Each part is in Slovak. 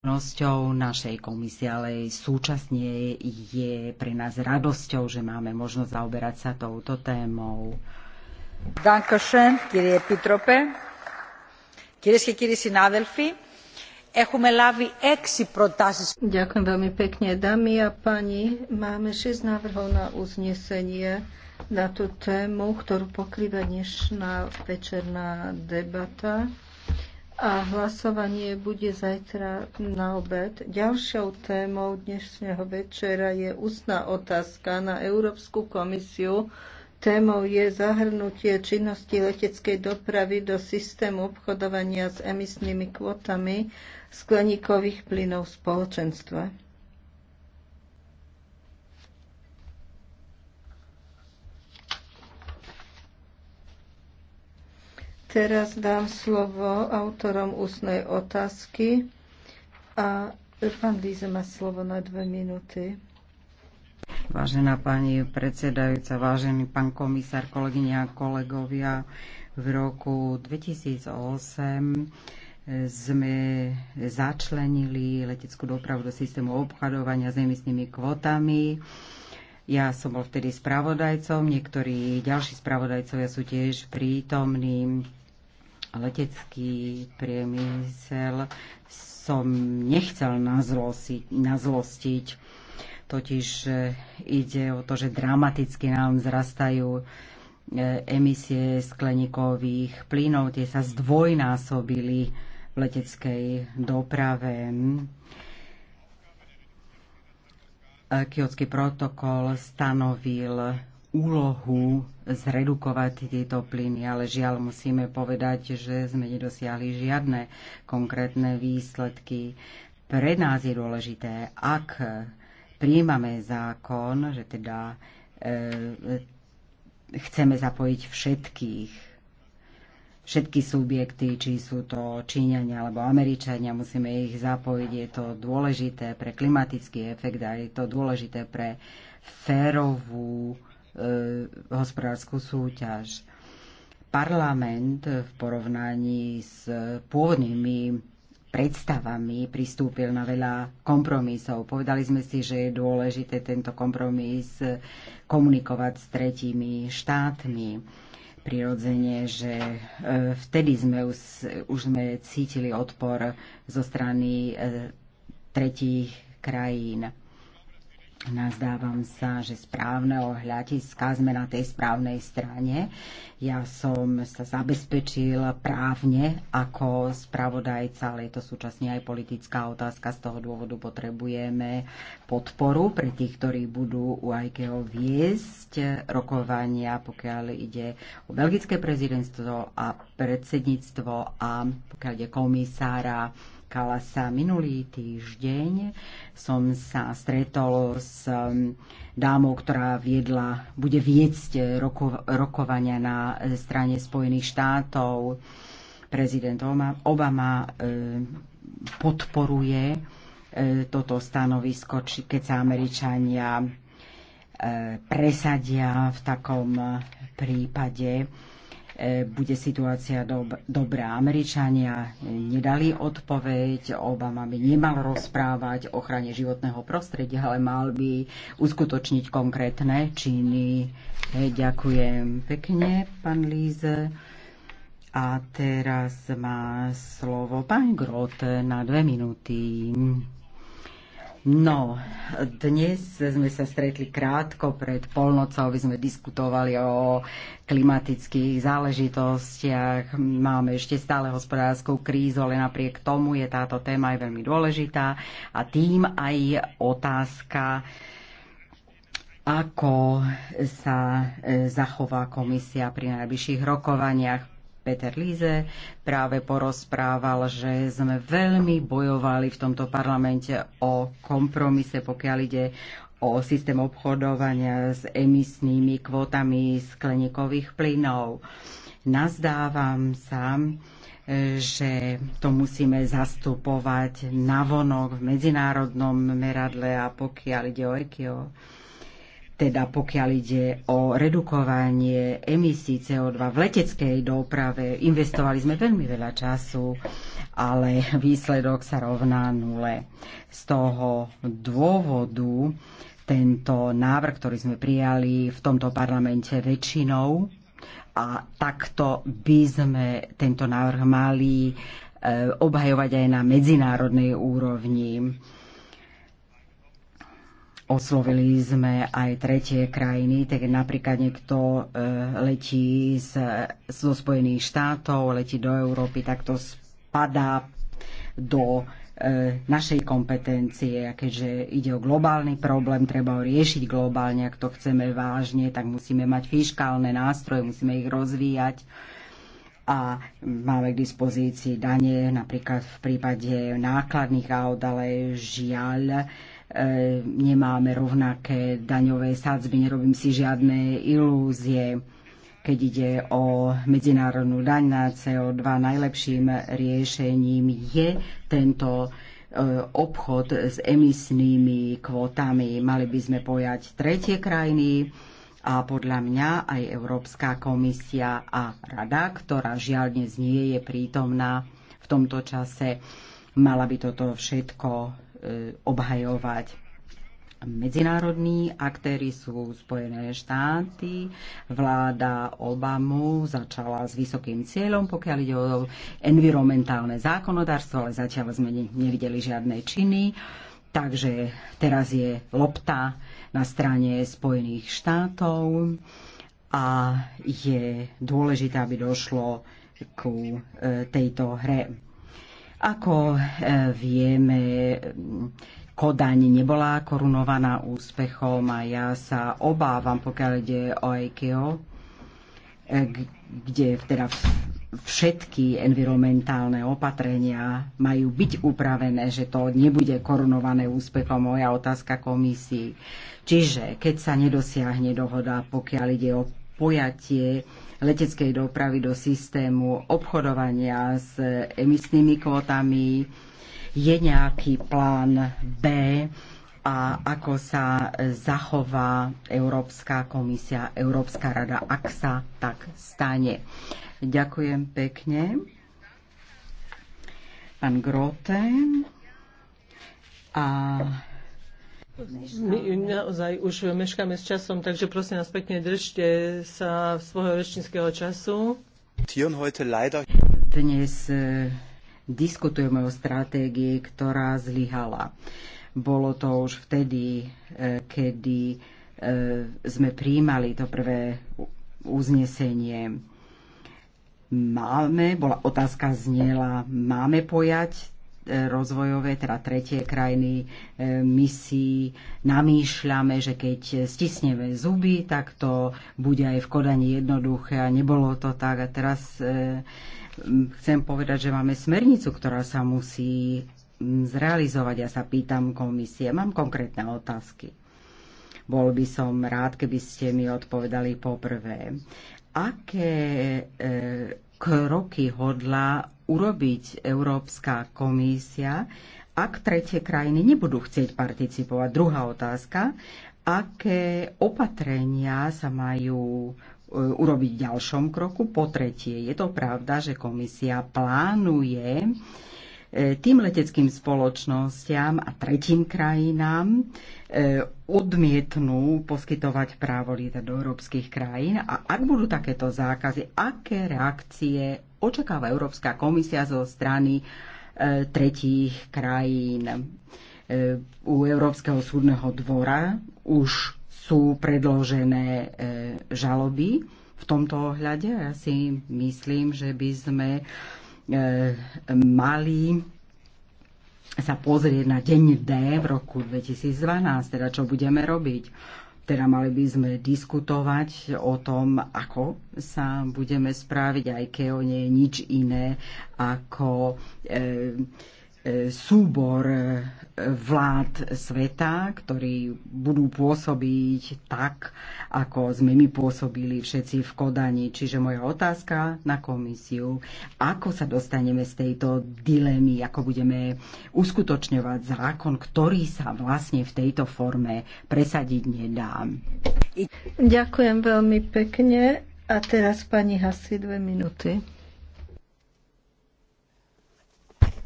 Činnosťou našej komisie, ale súčasne je pre nás radosťou, že máme možnosť zaoberať sa touto témou. Dankeschön, kyrie Pitrope. Kyries και κύριοι συνάδελφοι, echume λάβει exi προτάσεις. Ďakujem veľmi pekne, dámy a pani. Máme šesť návrhov na uznesenie na tú tému, ktorú pokrýva dnešná večerná debata a hlasovanie bude zajtra na obed. Ďalšou témou dnešného večera je ústna otázka na Európsku komisiu. Témou je zahrnutie činnosti leteckej dopravy do systému obchodovania s emisnými kvotami skleníkových plynov spoločenstva. Teraz dám slovo autorom ústnej otázky a pán Víze má slovo na dve minúty. Vážená pani predsedajúca, vážený pán komisár, kolegyňa a kolegovia, v roku 2008 sme začlenili leteckú dopravu do systému obchodovania s emisnými kvotami. Ja som bol vtedy spravodajcom, niektorí ďalší spravodajcovia sú tiež prítomní letecký priemysel som nechcel nazlosi, nazlostiť, totiž e, ide o to, že dramaticky nám zrastajú e, emisie skleníkových plynov, tie sa zdvojnásobili v leteckej doprave. E, Kiotský protokol stanovil úlohu zredukovať tieto plyny, ale žiaľ musíme povedať, že sme nedosiahli žiadne konkrétne výsledky. Pre nás je dôležité, ak príjmame zákon, že teda e, chceme zapojiť všetkých, všetky subjekty, či sú to Číňania alebo Američania, musíme ich zapojiť. Je to dôležité pre klimatický efekt a je to dôležité pre férovú E, hospodárskú súťaž. Parlament v porovnaní s pôvodnými predstavami pristúpil na veľa kompromisov. Povedali sme si, že je dôležité tento kompromis komunikovať s tretími štátmi. Prirodzene, že e, vtedy sme už, už sme cítili odpor zo strany e, tretích krajín. Nazdávam sa, že správneho hľadiska sme na tej správnej strane. Ja som sa zabezpečil právne ako spravodajca, ale je to súčasne aj politická otázka. Z toho dôvodu potrebujeme podporu pre tých, ktorí budú u IKEO viesť rokovania, pokiaľ ide o belgické prezidentstvo a predsedníctvo a pokiaľ ide komisára sa Minulý týždeň som sa stretol s um, dámou, ktorá viedla, bude viesť roko, rokovania na strane Spojených štátov. Prezident Obama um, podporuje um, toto stanovisko, či keď sa Američania presadia v takom uh, prípade E, bude situácia dob- dobrá. Američania nedali odpoveď, Obama by nemal rozprávať o ochrane životného prostredia, ale mal by uskutočniť konkrétne činy. E, ďakujem pekne, pán Líze. A teraz má slovo pán Grote na dve minúty. No, dnes sme sa stretli krátko pred polnocou, aby sme diskutovali o klimatických záležitostiach. Máme ešte stále hospodárskú krízu, ale napriek tomu je táto téma aj veľmi dôležitá a tým aj otázka ako sa e, zachová komisia pri najbližších rokovaniach. Peter Líze práve porozprával, že sme veľmi bojovali v tomto parlamente o kompromise, pokiaľ ide o systém obchodovania s emisnými kvótami skleníkových plynov. Nazdávam sa, že to musíme zastupovať navonok v medzinárodnom meradle a pokiaľ ide o EKIO, teda pokiaľ ide o redukovanie emisí CO2 v leteckej doprave, investovali sme veľmi veľa času, ale výsledok sa rovná nule. Z toho dôvodu tento návrh, ktorý sme prijali v tomto parlamente väčšinou, a takto by sme tento návrh mali e, obhajovať aj na medzinárodnej úrovni Oslovili sme aj tretie krajiny, tak napríklad niekto e, letí z, zo Spojených štátov, letí do Európy, tak to spadá do e, našej kompetencie a keďže ide o globálny problém, treba ho riešiť globálne, ak to chceme vážne, tak musíme mať fiskálne nástroje, musíme ich rozvíjať a máme k dispozícii dane, napríklad v prípade nákladných aut, ale žiaľ E, nemáme rovnaké daňové sádzby, nerobím si žiadne ilúzie. Keď ide o medzinárodnú daň na CO2, najlepším riešením je tento e, obchod s emisnými kvótami. Mali by sme pojať tretie krajiny a podľa mňa aj Európska komisia a rada, ktorá žiaľ dnes nie je prítomná v tomto čase, mala by toto všetko E, obhajovať. Medzinárodní aktéry sú Spojené štáty, vláda Obamu začala s vysokým cieľom, pokiaľ ide o environmentálne zákonodárstvo, ale zatiaľ sme nevideli žiadne činy. Takže teraz je lopta na strane Spojených štátov a je dôležité, aby došlo ku e, tejto hre. Ako e, vieme, Kodaň nebola korunovaná úspechom a ja sa obávam, pokiaľ ide o EKO, e, kde teda všetky environmentálne opatrenia majú byť upravené, že to nebude korunované úspechom. Moja otázka komisii. Čiže keď sa nedosiahne dohoda, pokiaľ ide o pojatie leteckej dopravy do systému obchodovania s emisnými kvotami. Je nejaký plán B a ako sa zachová Európska komisia, Európska rada, ak sa tak stane. Ďakujem pekne. Pán Grote. A my naozaj už meškáme s časom, takže prosím vás pekne, držte sa svojho rečníckého času. Dnes e, diskutujeme o stratégii, ktorá zlyhala. Bolo to už vtedy, e, kedy e, sme príjmali to prvé uznesenie. Máme, bola otázka zniela, máme pojať rozvojové, teda tretie krajiny, e, my si namýšľame, že keď stisneme zuby, tak to bude aj v kodaní jednoduché a nebolo to tak. A teraz e, chcem povedať, že máme smernicu, ktorá sa musí zrealizovať. Ja sa pýtam komisie, mám konkrétne otázky. Bol by som rád, keby ste mi odpovedali poprvé. Aké e, kroky hodla urobiť Európska komisia, ak tretie krajiny nebudú chcieť participovať? Druhá otázka, aké opatrenia sa majú e, urobiť v ďalšom kroku. Po tretie, je to pravda, že komisia plánuje e, tým leteckým spoločnosťam a tretím krajinám e, odmietnú poskytovať právo lietať do európskych krajín a ak budú takéto zákazy, aké reakcie očakáva Európska komisia zo strany e, tretích krajín. E, u Európskeho súdneho dvora už sú predložené e, žaloby v tomto ohľade. Ja si myslím, že by sme mali sa pozrieť na deň D v roku 2012, teda čo budeme robiť teda mali by sme diskutovať o tom, ako sa budeme správiť, aj keď o nie je nič iné ako e, E, súbor e, vlád sveta, ktorí budú pôsobiť tak, ako sme my pôsobili všetci v Kodani. Čiže moja otázka na komisiu, ako sa dostaneme z tejto dilemy, ako budeme uskutočňovať zákon, ktorý sa vlastne v tejto forme presadiť nedá. Ďakujem veľmi pekne. A teraz pani Hasi dve minúty.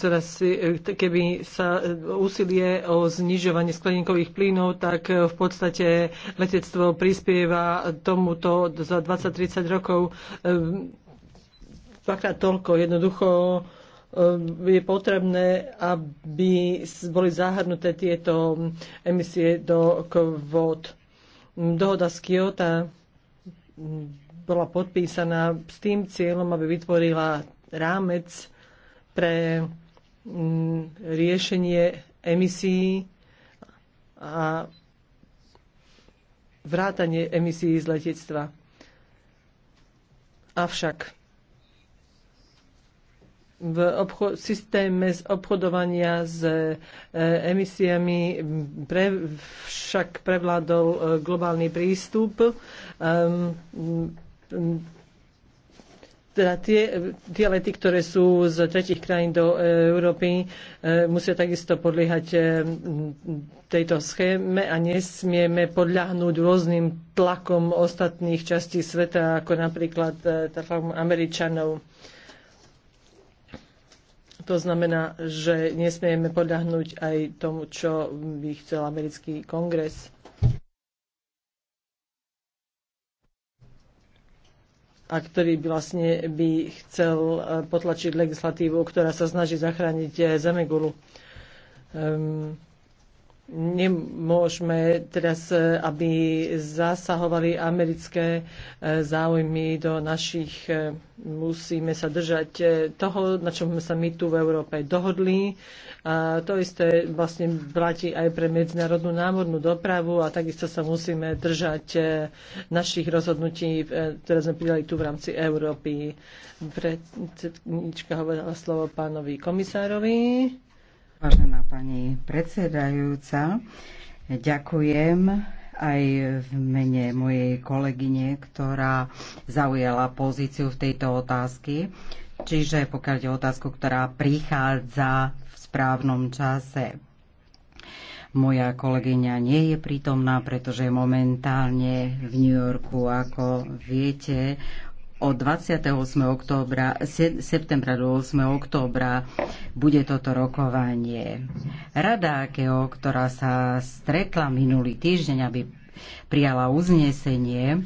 Teda e, keby sa e, úsilie o znižovanie skleníkových plynov, tak e, v podstate letectvo prispieva tomuto za 20-30 rokov dvakrát toľko. Jednoducho je potrebné, aby boli zahrnuté tieto emisie do kvót. Dohoda z Kyoto bola podpísaná s tým cieľom, aby vytvorila rámec pre mm, riešenie emisí a vrátanie emisí z letectva. Avšak v obcho- systéme z obchodovania s e, emisiami pre, však prevládol e, globálny prístup. e, teda tie, tie lety, ktoré sú z tretich krajín do e, Európy, e, musia takisto podliehať e, tejto schéme a nesmieme podľahnúť rôznym tlakom ostatných častí sveta, ako napríklad tlakom Američanov. To znamená, že nesmieme podľahnúť aj tomu, čo by chcel americký kongres. a ktorý by vlastne by chcel e, potlačiť legislatívu, ktorá sa snaží zachrániť e, Zemegulu. Um, nemôžeme teraz, e, aby zasahovali americké e, záujmy do našich, e, musíme sa držať toho, na čom sme sa my tu v Európe dohodli. A to isté vlastne platí aj pre medzinárodnú námornú dopravu a takisto sa musíme držať našich rozhodnutí, ktoré sme pridali tu v rámci Európy. Predsednička hovorila slovo pánovi komisárovi. Vážená pani predsedajúca, ďakujem aj v mene mojej kolegyne, ktorá zaujala pozíciu v tejto otázky. Čiže pokiaľ je otázku, ktorá prichádza v správnom čase. Moja kolegyňa nie je prítomná, pretože momentálne v New Yorku, ako viete, od 28. Októbra, septembra do 8. októbra bude toto rokovanie. Rada AKEO, ktorá sa stretla minulý týždeň, aby prijala uznesenie,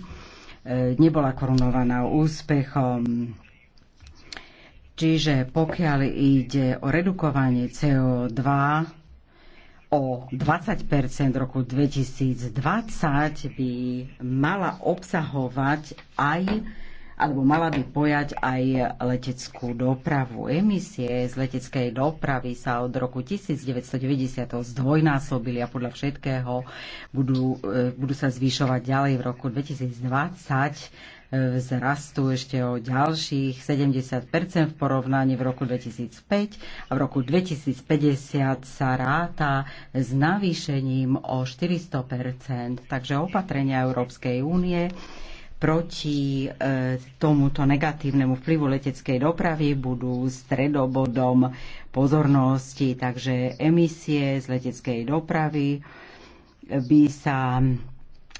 e, nebola korunovaná úspechom. Čiže pokiaľ ide o redukovanie CO2 o 20 roku 2020, by mala obsahovať aj alebo mala by pojať aj leteckú dopravu. Emisie z leteckej dopravy sa od roku 1990 zdvojnásobili a podľa všetkého budú, e, budú sa zvyšovať ďalej v roku 2020 e, vzrastu ešte o ďalších 70 v porovnaní v roku 2005 a v roku 2050 sa ráta s navýšením o 400 Takže opatrenia Európskej únie proti e, tomuto negatívnemu vplyvu leteckej dopravy budú stredobodom pozornosti, takže emisie z leteckej dopravy by sa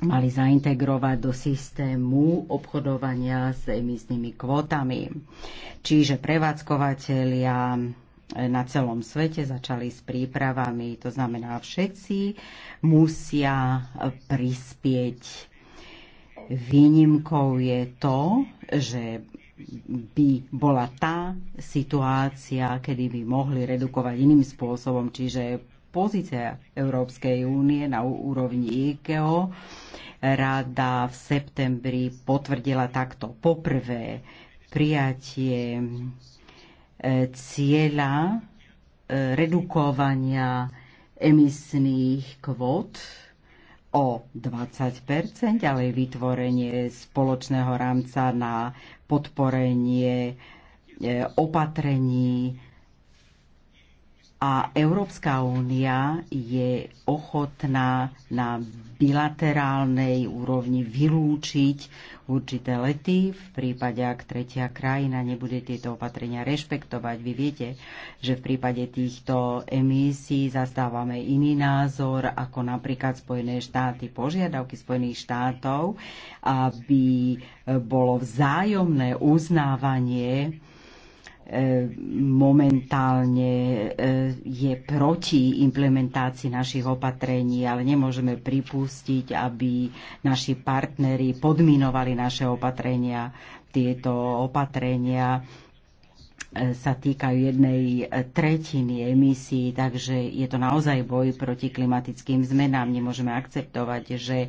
mali zaintegrovať do systému obchodovania s emisnými kvotami. Čiže prevádzkovateľia e, na celom svete začali s prípravami, to znamená všetci musia prispieť Výnimkou je to, že by bola tá situácia, kedy by mohli redukovať iným spôsobom, čiže pozícia Európskej únie na úrovni IKEO. Rada v septembri potvrdila takto poprvé prijatie e, cieľa e, redukovania emisných kvót o 20 ale vytvorenie spoločného rámca na podporenie e, opatrení a Európska únia je ochotná na bilaterálnej úrovni vylúčiť určité lety v prípade, ak tretia krajina nebude tieto opatrenia rešpektovať. Vy viete, že v prípade týchto emisí zastávame iný názor, ako napríklad Spojené štáty, požiadavky Spojených štátov, aby bolo vzájomné uznávanie E, momentálne e, je proti implementácii našich opatrení, ale nemôžeme pripustiť, aby naši partneri podminovali naše opatrenia. Tieto opatrenia e, sa týkajú jednej tretiny emisí, takže je to naozaj boj proti klimatickým zmenám. Nemôžeme akceptovať, že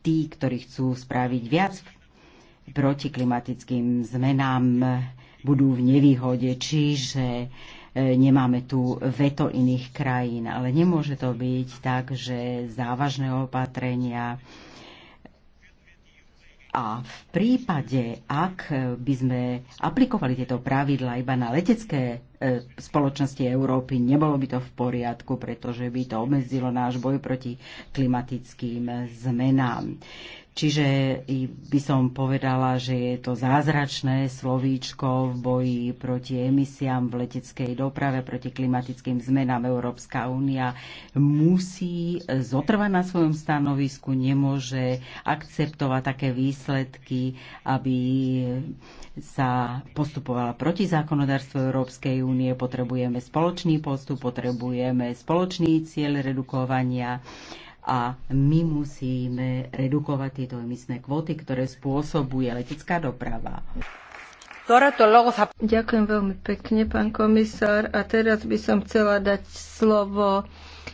tí, ktorí chcú spraviť viac proti klimatickým zmenám, budú v nevýhode, čiže e, nemáme tu veto iných krajín. Ale nemôže to byť tak, že závažné opatrenia a v prípade, ak by sme aplikovali tieto pravidla iba na letecké e, spoločnosti Európy, nebolo by to v poriadku, pretože by to obmedzilo náš boj proti klimatickým zmenám. Čiže by som povedala, že je to zázračné slovíčko v boji proti emisiám v leteckej doprave, proti klimatickým zmenám. Európska únia musí zotrvať na svojom stanovisku, nemôže akceptovať také výsledky, aby sa postupovala proti zákonodárstvu Európskej únie. Potrebujeme spoločný postup, potrebujeme spoločný cieľ redukovania a my musíme redukovať tieto emisné kvóty, ktoré spôsobuje letecká doprava. Ďakujem veľmi pekne, pán komisár. A teraz by som chcela dať slovo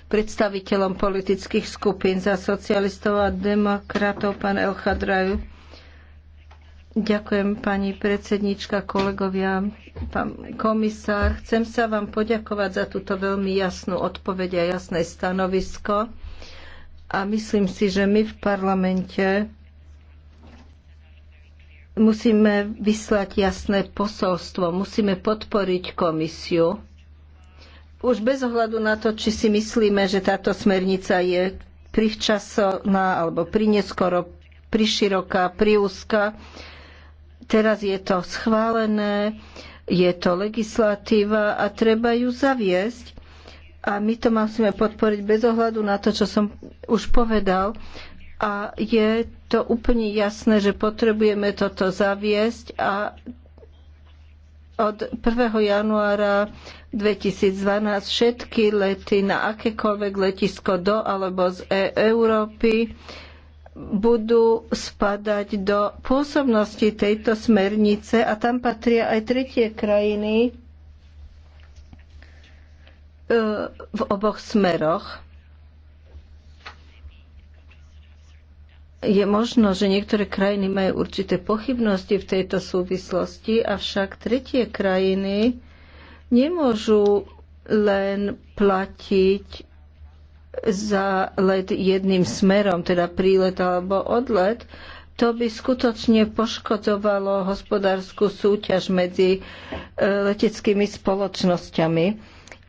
predstaviteľom politických skupín za socialistov a demokratov, pán Elchadraju. Ďakujem, pani predsednička, kolegovia, pán komisár. Chcem sa vám poďakovať za túto veľmi jasnú odpoveď a jasné stanovisko a myslím si, že my v parlamente musíme vyslať jasné posolstvo, musíme podporiť komisiu. Už bez ohľadu na to, či si myslíme, že táto smernica je privčasná alebo prineskoro, priširoká, priúzka. Teraz je to schválené, je to legislatíva a treba ju zaviesť a my to musíme podporiť bez ohľadu na to, čo som už povedal. A je to úplne jasné, že potrebujeme toto zaviesť a od 1. januára 2012 všetky lety na akékoľvek letisko do alebo z e Európy budú spadať do pôsobnosti tejto smernice a tam patria aj tretie krajiny, v oboch smeroch. Je možno, že niektoré krajiny majú určité pochybnosti v tejto súvislosti, avšak tretie krajiny nemôžu len platiť za let jedným smerom, teda prílet alebo odlet, to by skutočne poškodovalo hospodárskú súťaž medzi e, leteckými spoločnosťami.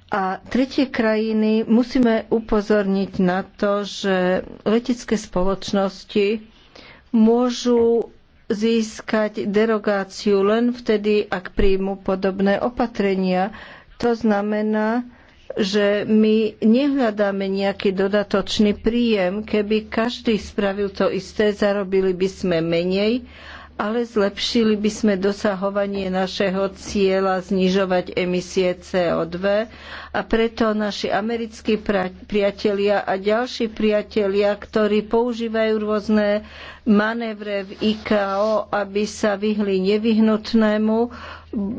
A tretie krajiny musíme upozorniť na to, že letecké spoločnosti môžu získať derogáciu len vtedy, ak príjmu podobné opatrenia. To znamená, že my nehľadáme nejaký dodatočný príjem. Keby každý spravil to isté, zarobili by sme menej ale zlepšili by sme dosahovanie našeho cieľa znižovať emisie CO2 a preto naši americkí priatelia a ďalší priatelia, ktorí používajú rôzne manévre v IKO, aby sa vyhli nevyhnutnému,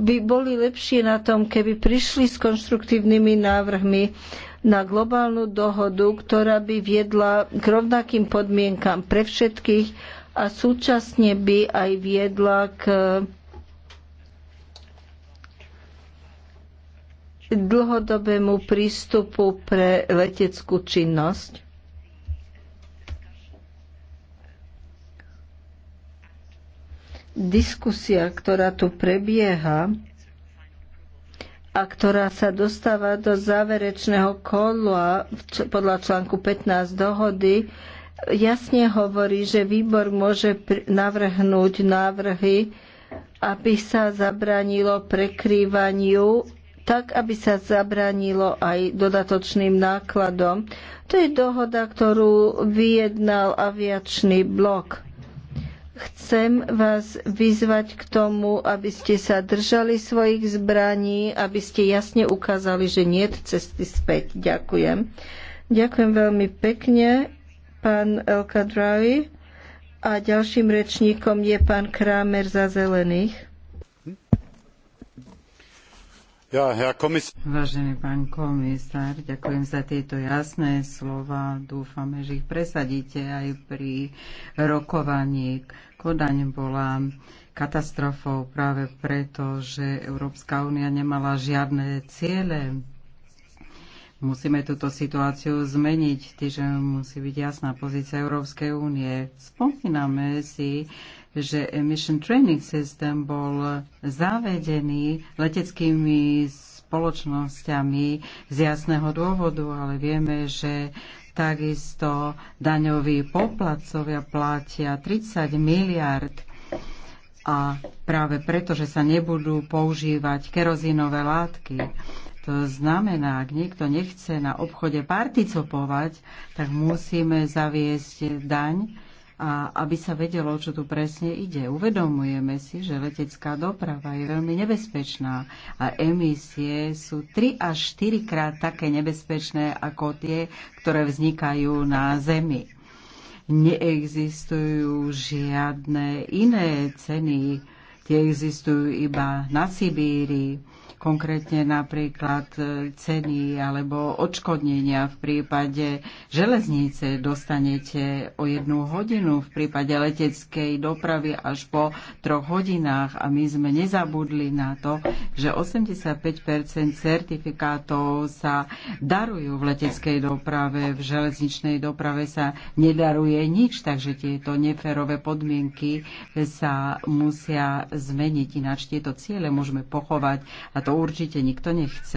by boli lepšie na tom, keby prišli s konštruktívnymi návrhmi na globálnu dohodu, ktorá by viedla k rovnakým podmienkam pre všetkých a súčasne by aj viedla k dlhodobému prístupu pre leteckú činnosť. Diskusia, ktorá tu prebieha a ktorá sa dostáva do záverečného kola podľa článku 15 dohody, jasne hovorí, že výbor môže navrhnúť návrhy, aby sa zabranilo prekrývaniu tak, aby sa zabranilo aj dodatočným nákladom. To je dohoda, ktorú vyjednal aviačný blok. Chcem vás vyzvať k tomu, aby ste sa držali svojich zbraní, aby ste jasne ukázali, že nie cesty späť. Ďakujem. Ďakujem veľmi pekne pán El Kadrawi a ďalším rečníkom je pán Kramer za zelených. Ja, ja komis- Vážený pán komisár, ďakujem za tieto jasné slova. Dúfame, že ich presadíte aj pri rokovaní. Kodaň bola katastrofou práve preto, že Európska únia nemala žiadne ciele Musíme túto situáciu zmeniť, čiže musí byť jasná pozícia Európskej únie. Spomíname si, že Emission Training System bol zavedený leteckými spoločnosťami z jasného dôvodu, ale vieme, že takisto daňoví poplatcovia platia 30 miliard a práve preto, že sa nebudú používať kerozínové látky. To znamená, ak niekto nechce na obchode participovať, tak musíme zaviesť daň, a aby sa vedelo, čo tu presne ide. Uvedomujeme si, že letecká doprava je veľmi nebezpečná a emisie sú 3 až 4 krát také nebezpečné ako tie, ktoré vznikajú na Zemi. Neexistujú žiadne iné ceny, tie existujú iba na Sibírii konkrétne napríklad e, ceny alebo odškodnenia v prípade železnice dostanete o jednu hodinu, v prípade leteckej dopravy až po troch hodinách a my sme nezabudli na to, že 85% certifikátov sa darujú v leteckej doprave, v železničnej doprave sa nedaruje nič, takže tieto neférové podmienky sa musia zmeniť, ináč tieto ciele môžeme pochovať a to to určite nikto nechce.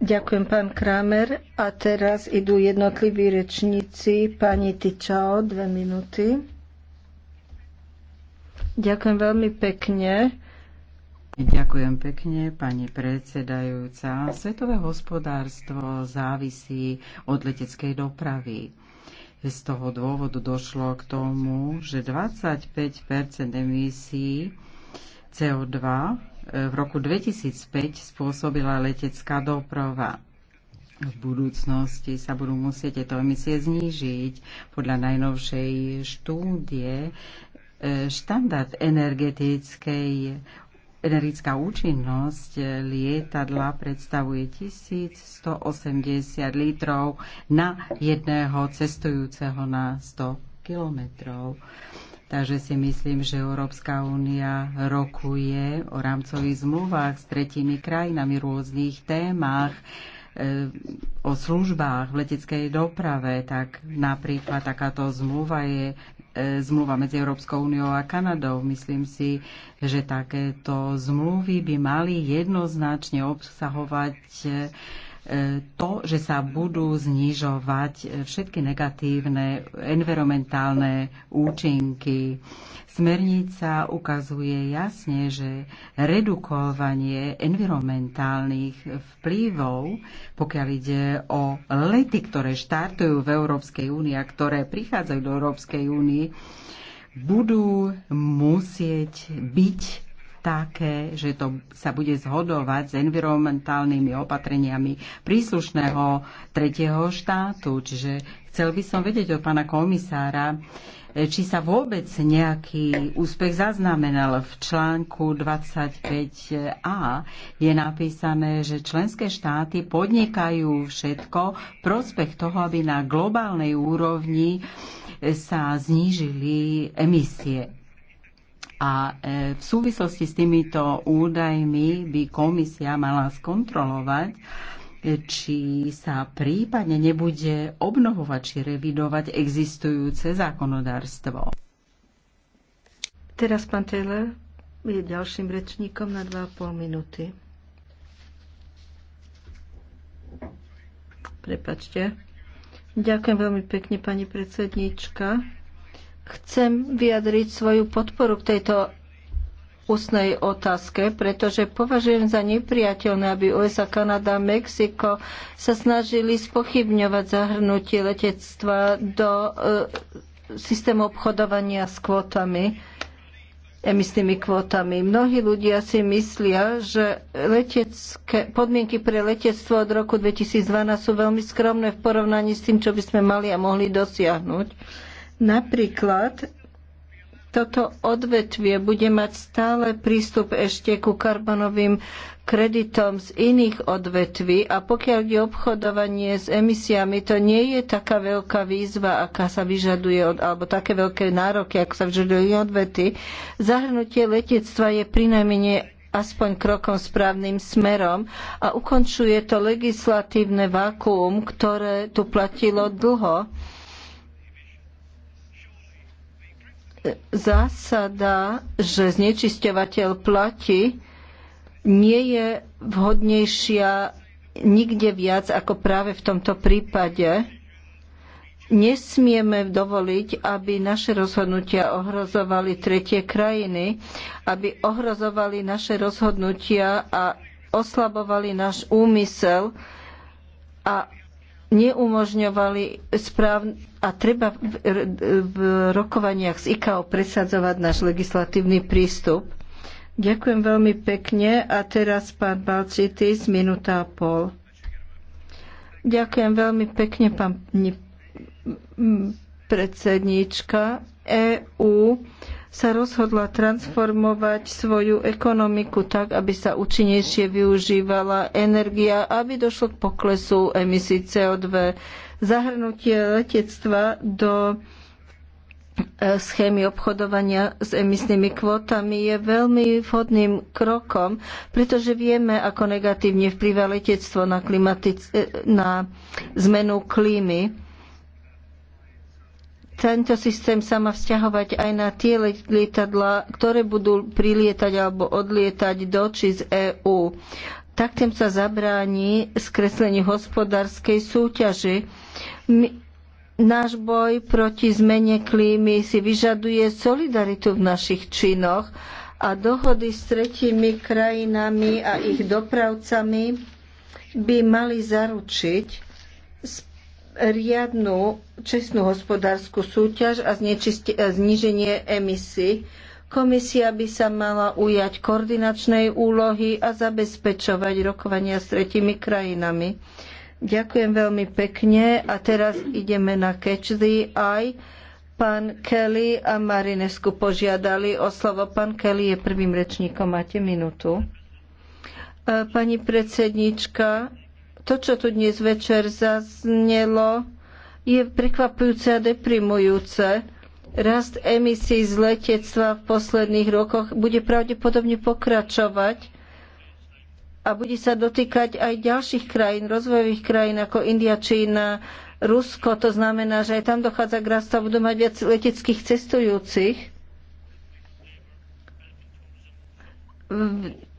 Ďakujem, pán Kramer. A teraz idú jednotliví rečníci. Pani Tičao, dve minúty. Ďakujem veľmi pekne. Ďakujem pekne, pani predsedajúca. Svetové hospodárstvo závisí od leteckej dopravy. Z toho dôvodu došlo k tomu, že 25 emisí CO2 e, v roku 2005 spôsobila letecká doprava. V budúcnosti sa budú musieť tieto emisie znížiť. Podľa najnovšej štúdie e, štandard energetickej Energická účinnosť e, lietadla predstavuje 1180 litrov na jedného cestujúceho na 100 kilometrov. Takže si myslím, že Európska únia rokuje o rámcových zmluvách s tretími krajinami v rôznych témach e, o službách v leteckej doprave, tak napríklad takáto zmluva je e, zmluva medzi Európskou úniou a Kanadou. Myslím si, že takéto zmluvy by mali jednoznačne obsahovať e, to, že sa budú znižovať všetky negatívne environmentálne účinky. Smernica ukazuje jasne, že redukovanie environmentálnych vplyvov, pokiaľ ide o lety, ktoré štartujú v Európskej únii a ktoré prichádzajú do Európskej únii, budú musieť byť také, že to sa bude zhodovať s environmentálnymi opatreniami príslušného tretieho štátu. Čiže chcel by som vedieť od pána komisára, e, či sa vôbec nejaký úspech zaznamenal. V článku 25a je napísané, že členské štáty podnikajú všetko prospech toho, aby na globálnej úrovni sa znížili emisie a e, v súvislosti s týmito údajmi by komisia mala skontrolovať, e, či sa prípadne nebude obnovovať či revidovať existujúce zákonodárstvo. Teraz pán Taylor je ďalším rečníkom na 2,5 minúty. Prepačte. Ďakujem veľmi pekne, pani predsedníčka. Chcem vyjadriť svoju podporu k tejto ústnej otázke, pretože považujem za nepriateľné, aby USA, Kanada, Mexiko sa snažili spochybňovať zahrnutie letectva do e, systému obchodovania s kvótami emisnými kvótami. Mnohí ľudia si myslia, že letecké, podmienky pre letectvo od roku 2012 sú veľmi skromné v porovnaní s tým, čo by sme mali a mohli dosiahnuť. Napríklad toto odvetvie bude mať stále prístup ešte ku karbonovým kreditom z iných odvetví a pokiaľ je obchodovanie s emisiami, to nie je taká veľká výzva, aká sa vyžaduje, od, alebo také veľké nároky, ako sa vyžadujú odvety. Zahrnutie letectva je prinajmenie aspoň krokom správnym smerom a ukončuje to legislatívne vákuum, ktoré tu platilo dlho. zásada, že znečisťovateľ platí, nie je vhodnejšia nikde viac ako práve v tomto prípade. Nesmieme dovoliť, aby naše rozhodnutia ohrozovali tretie krajiny, aby ohrozovali naše rozhodnutia a oslabovali náš úmysel a neumožňovali správ, a treba v rokovaniach s IKAO presadzovať náš legislatívny prístup. Ďakujem veľmi pekne a teraz pán Balcitis, minúta a pol. Ďakujem veľmi pekne, pani predsedníčka. EÚ sa rozhodla transformovať svoju ekonomiku tak, aby sa účinnejšie využívala energia, aby došlo k poklesu emisí CO2. Zahrnutie letectva do e, schémy obchodovania s emisnými kvótami je veľmi vhodným krokom, pretože vieme, ako negatívne vplýva letectvo na, e, na zmenu klímy tento systém sa má vzťahovať aj na tie lietadla, ktoré budú prilietať alebo odlietať do či z EÚ. Taktým sa zabráni skresleniu hospodárskej súťaži. My, náš boj proti zmene klímy si vyžaduje solidaritu v našich činoch a dohody s tretími krajinami a ich dopravcami by mali zaručiť, riadnu čestnú hospodárskú súťaž a, a zníženie emisí. Komisia by sa mala ujať koordinačnej úlohy a zabezpečovať rokovania s tretimi krajinami. Ďakujem veľmi pekne a teraz ideme na Catch the Eye. Pán Kelly a Marinesku požiadali o slovo. Pán Kelly je prvým rečníkom, máte minútu. E, pani predsednička, to, čo tu dnes večer zaznelo, je prekvapujúce a deprimujúce. Rast emisí z letectva v posledných rokoch bude pravdepodobne pokračovať a bude sa dotýkať aj ďalších krajín, rozvojových krajín ako India, Čína, Rusko. To znamená, že aj tam dochádza k rastu a budú mať viac leteckých cestujúcich.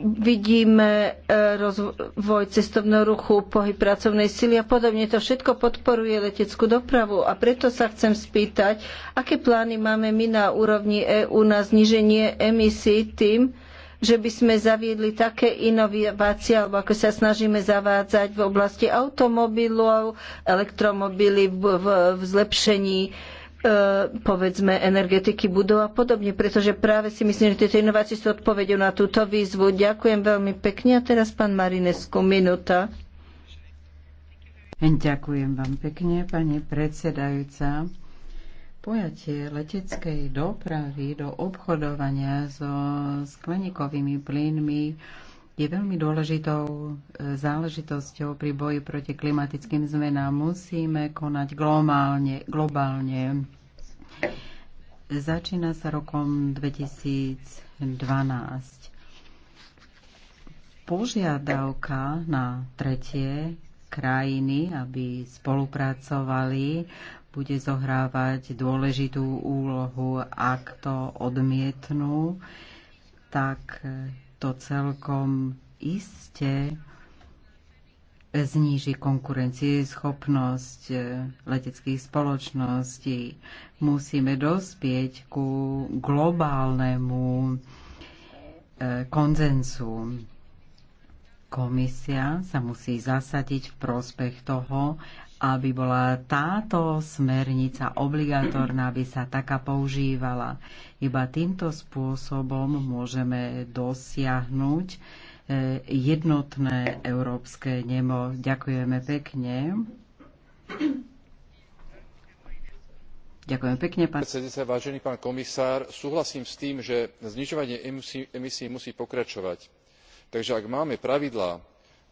vidíme e, rozvoj cestovného ruchu, pohyb pracovnej sily a podobne. To všetko podporuje leteckú dopravu a preto sa chcem spýtať, aké plány máme my na úrovni EÚ na zníženie emisí tým, že by sme zaviedli také inovácie, alebo ako sa snažíme zavádzať v oblasti automobilov, elektromobily v, v, v zlepšení E, povedzme energetiky budov a podobne, pretože práve si myslím, že tieto inovácie sú odpovedou na túto výzvu. Ďakujem veľmi pekne a teraz pán Marinesku, minúta. Ďakujem vám pekne, pani predsedajúca. Pojatie leteckej dopravy do obchodovania so skleníkovými plynmi je veľmi dôležitou e, záležitosťou pri boji proti klimatickým zmenám. Musíme konať globálne. globálne. Začína sa rokom 2012. Požiadavka na tretie krajiny, aby spolupracovali, bude zohrávať dôležitú úlohu. Ak to odmietnú, tak to celkom iste zníži konkurencie, schopnosť e, leteckých spoločností. Musíme dospieť ku globálnemu e, konzensu. Komisia sa musí zasadiť v prospech toho, aby bola táto smernica obligatórna, aby sa taká používala. Iba týmto spôsobom môžeme dosiahnuť e, jednotné európske nemo. Ďakujeme pekne. Ďakujem pekne, pán predsedajúca, vážený pán komisár. Súhlasím s tým, že znižovanie emisí musí pokračovať. Takže ak máme pravidlá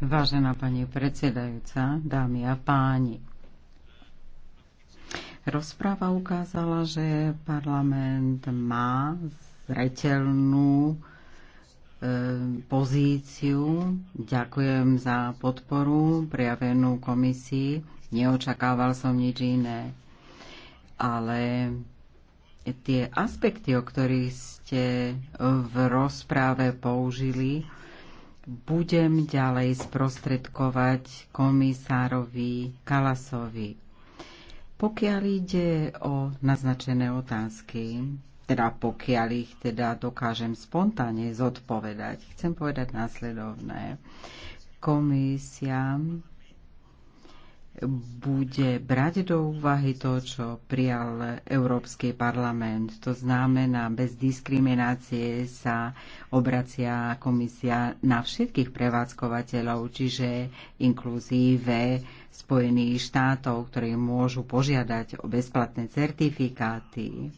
Vážená pani predsedajúca, dámy a páni. Rozpráva ukázala, že parlament má zreteľnú e, pozíciu. Ďakujem za podporu prijavenú komisii. Neočakával som nič iné. Ale tie aspekty, o ktorých ste v rozpráve použili, budem ďalej sprostredkovať komisárovi Kalasovi. Pokiaľ ide o naznačené otázky, teda pokiaľ ich teda dokážem spontánne zodpovedať, chcem povedať následovné. Komisia bude brať do úvahy to, čo prijal Európsky parlament. To znamená, bez diskriminácie sa obracia komisia na všetkých prevádzkovateľov, čiže inkluzíve Spojených štátov, ktorí môžu požiadať o bezplatné certifikáty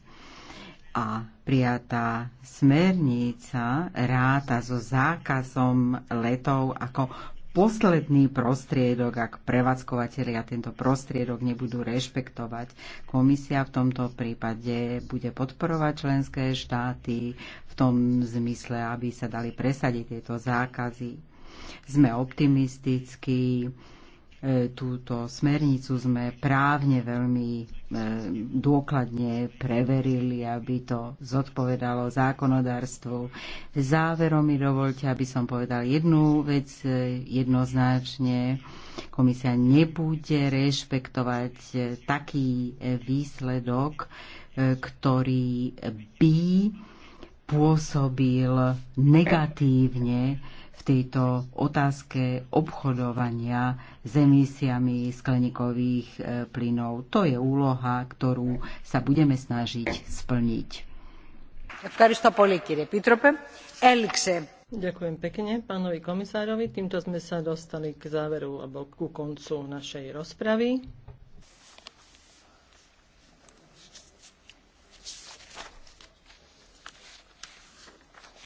a prijatá smernica ráta so zákazom letov ako posledný prostriedok, ak prevádzkovateľia tento prostriedok nebudú rešpektovať. Komisia v tomto prípade bude podporovať členské štáty v tom zmysle, aby sa dali presadiť tieto zákazy. Sme optimistickí E, túto smernicu sme právne veľmi e, dôkladne preverili, aby to zodpovedalo zákonodárstvu. Záverom mi dovolte, aby som povedal jednu vec e, jednoznačne. Komisia nebude rešpektovať taký výsledok, ktorý by pôsobil negatívne v tejto otázke obchodovania s emisiami skleníkových e, plynov. To je úloha, ktorú sa budeme snažiť splniť. Ďakujem pekne pánovi komisárovi. Týmto sme sa dostali k záveru alebo ku koncu našej rozpravy.